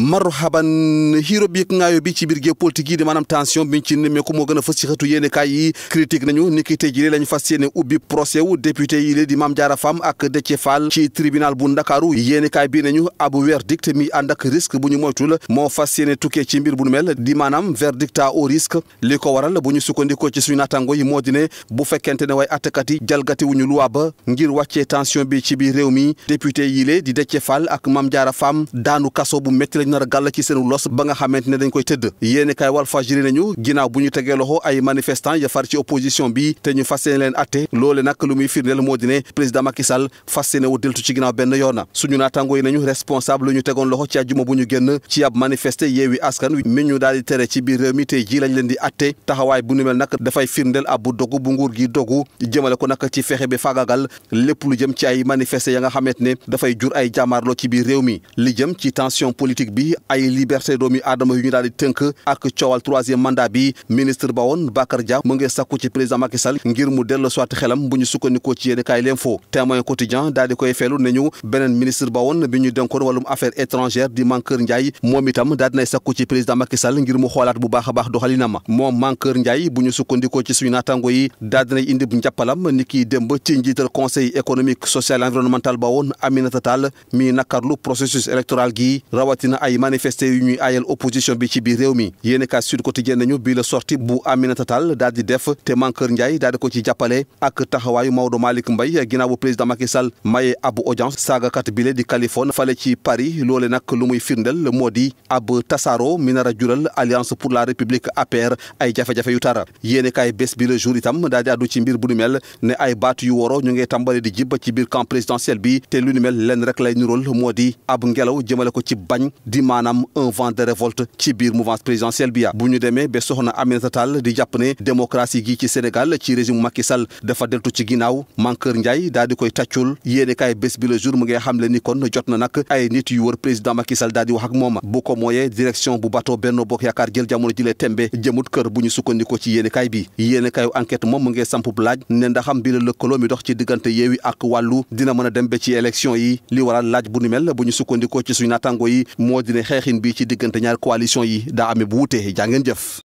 marhaban xiiro bi ak ngaayo bi ci biir géew politique yi di maanaam tension bi ñu ci nemmeeku moo gën a fës ci xëtu yéene kaay yi critique nañu ni ki tey lañu fas ubbi procès wu député di Mame Diarra Fam ak Déthié Fall ci tribunal bu Ndakaaru yéene kaay bii nañu abu verdict mi ànd ak risque bu ñu moytul moo fas yéene tukkee ci mbir bu nu mel di maanaam verdict à haut risque li ko waral bu ñu sukkandikoo ci suñu natango yi moo di ne bu fekkente ne way attakat yi jalgati wuñu luwa ba bi ci biir réew mi député yi lée di Déthié Fall ak Mame Diarra Fam daanu kaso bu métti nar a gàll ci seenu los ba nga koy tëdd yéeni kaay Walf Fadjri nañu ginnaaw bu ñu tegee loxo ay bi te ñu fas yéene leen muy firndeel moo di ne président Macky Sall fas yéene wu deltu ci ginnaaw yoon suñu naataango yi nañu responsable lu ñu tegoon ñu génn ci ab manifesté yeewi askan mi ñu daal di tere ci biir réew mi tey leen di atte taxawaay bu nag dafay firndeel ab bu dogu bu nguur gi dogu jëmale ko nag fexe bi faagagal lépp lu jëm ci ay manifesté ya nga xamante ne dafay jur ay jàmmaarloo ci biir réew mi jëm ci tension politique bi bi ay liberté doomi aadama yu ñu daal di tënk ak coowal troisième mandat ministre ba woon Bakar Dia mu ngi sàkku ci président Macky ngir mu dellu soit xelam bu ñu sukkandikoo ci yéen kaay l'info témoin quotidien daal di koy feelu ne ñu beneen ministre ba woon bi ñu dénkoon moom itam daal dinay ci président Macky ngir mu xoolaat bu baax a baax doxalinam moom Mankeur Ndiaye bu ñu sukkandikoo ci suñu naatango yi daal dinay indi njàppalam ni kiy démb ci njiital conseil économique mi nakarlu processus électoral gi ay manifesté yu ñuy ayal opposition bi ci biir réew mi yéen kaa Sud Quotidien nañu bii la sorti bu Aminata Tall daal di def te Mankeur Ndiaye daal di ko ci jàppale ak taxawaayu Maodo Malick Mbaye ginnaaw bu président Macky Sall maye ab audience saagakat bile di Californie fale ci Paris loole nag lu muy firndeel moo di ab tasaaro mi nar jural alliance pour la république APR ay jafe-jafe yu tara yéene kaay bés bi le jour itam daal di ci mbir bu nu mel ay baat yu wo ñu ngi tàmbale di jib ci biir camp présidentiel bi te lu nu mel rek lay nurol moo di ab ngelaw jëmale ko ci bañ di maanaam un vent de révolte ci biir mouvance présidentielle bi bu ñu demee ba soxna Aminata di jàpp ne gi ci Sénégal ci régime Macky Sall deltu ci ginnaaw Mankeur Ndiaye daal di koy tàccul yéene kaay bés bi le jour mu ngi xamle kon jot na nag ay nit yu wër président Macky Sall wax moom bu ko mooyee direction bu bateau Benno Bokk Yaakaar jël jamono ji tembe jëmut kër bu ñu sukkandikoo ci yéene kaay bi yéene kaayu enquête moom mu ngi sampub a dem ba ci élection yi li waral laaj bu ni moo di ne xeexin bi ci diggante ñaari coalition yi daa amee bu wutee jaa ngeen jëf